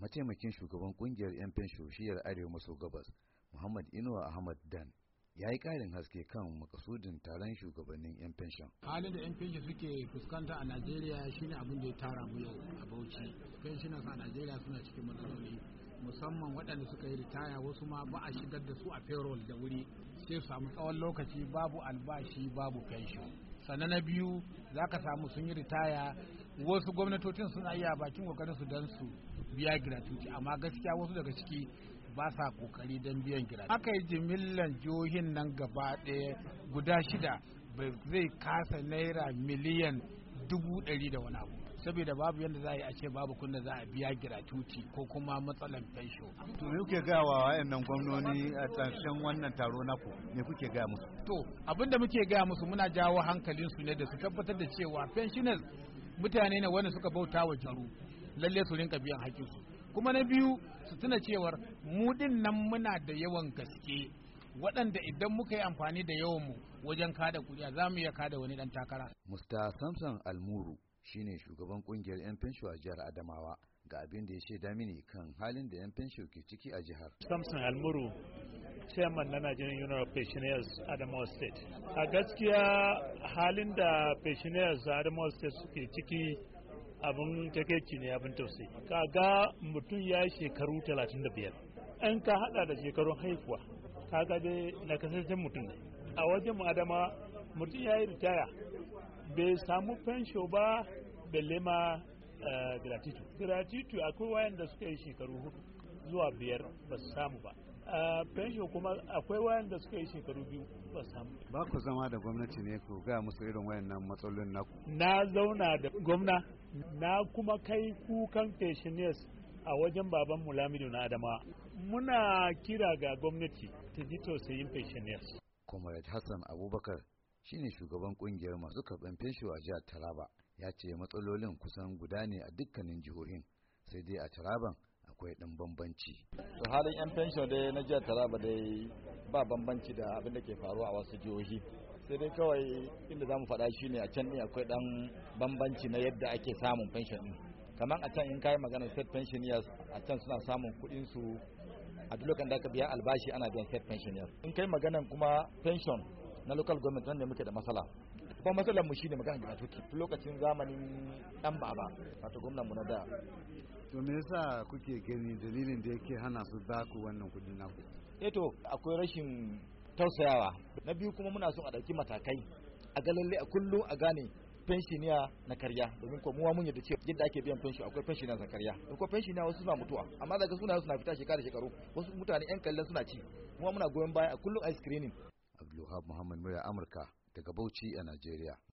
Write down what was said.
mataimakin shugaban kungiyar 'yan fenshoshiyar arewa maso gabas muhammad inuwa ahmad dan ya yi ƙarin haske kan makasudin taron shugabannin 'yan fenshon. halin da 'yan fenshon suke fuskanta a najeriya shine abin da ya tara mu yau a bauchi fenshinas a najeriya suna cikin matsaloli musamman waɗanda suka yi ritaya wasu ma ba a shigar da su a payroll da wuri sai su samu tsawon lokaci babu albashi babu fenshon sannan na biyu za ka samu sun yi ritaya wasu gwamnatocin suna iya bakin kokarin su don su biya gratuity amma gaskiya wasu daga ciki ba sa kokari don biyan gratuity aka yi jimillan jihohin nan gaba ɗaya guda shida zai kasa naira miliyan dubu ɗari da wani abu saboda babu yadda za a yi a ce babu kunda za a biya giratuti ko kuma matsalan fensho. To me kuke gaya wa wayannan gwamnoni a tsarshen wannan taro naku me kuke gaya musu? To abinda muke gaya musu muna jawo su ne da su tabbatar da cewa pensioners mutane ne wanda suka bauta wa jaru lalle su rinka biyan hakinsu. Kuma na biyu su tuna cewar mu nan muna da yawan gaske waɗanda idan muka yi amfani da yawanmu wajen kada kuɗi za mu iya kada wani ɗan takara. Musta Samson Almuru shine shugaban kungiyar 'yan fensho a jihar Adamawa ga abin da ya shaida mini kan halin da 'yan fensho ke ciki a jihar. Samson Almuru, chairman na Nigerian Union of Pensioners Adamawa State. A gaskiya halin da pensioners Adamawa State suke ciki abin takeici ne abin tausayi. Kaga mutum ya shekaru talatin da biyar. In ka hada da shekarun haihuwa, kaga dai nakasashen mutum ne. a wajen adama mutum ya yi ritaya bai samu fensho ba balle ma gratitu eh, gratitu akwai wayanda suka yi shekaru hudu zuwa biyar ba su samu ba eh, fensho kuma akwai wayanda suka yi shekaru biyu ba su samu ba ku zama da gwamnati ne ku ga musu irin wayan nan matsalolin naku na zauna da gwamna na kuma kai kukan pensioners a wajen baban mulamidu na adama muna kira ga gwamnati ta ji tausayin pensioners comrade hassan abubakar shine shugaban kungiyar masu karɓar fensho a jihar taraba ya ce matsalolin kusan guda ne a dukkanin jihohin sai dai a taraban akwai ɗan bambanci to halin yan fensho dai na jihar taraba dai ba bambanci da abin da ke faruwa a wasu jihohi sai dai kawai inda za mu faɗa shi ne a can ne akwai ɗan bambanci na yadda ake samun fensho ɗin kamar a can in kayi magana state pensioners a can suna samun kuɗin su a duk lokacin da aka biya albashi ana biyan state pensioner in kai maganan kuma pension na local government wanda muke da matsala Ba matsalar mu shine magana gratuity lokacin zamanin dan baba wato gwamnan mu na da to me yasa kuke gani dalilin da yake hana su baku wannan kudin ku? eh to akwai rashin tausayawa na biyu kuma muna son a dauki matakai a galalle a kullum a gane fenshiniya na karya domin ko muwa mun yadda cewa yadda ake biyan fenshi akwai pensioniya na karya akwai pensioniya wasu suna mutuwa amma daga suna suna fita shekara shekaru wasu mutane yan kallon suna ci muwa muna goyon baya a kullum ice screening Abdulwahab Muhammad Murya Amurka daga Bauchi a Najeriya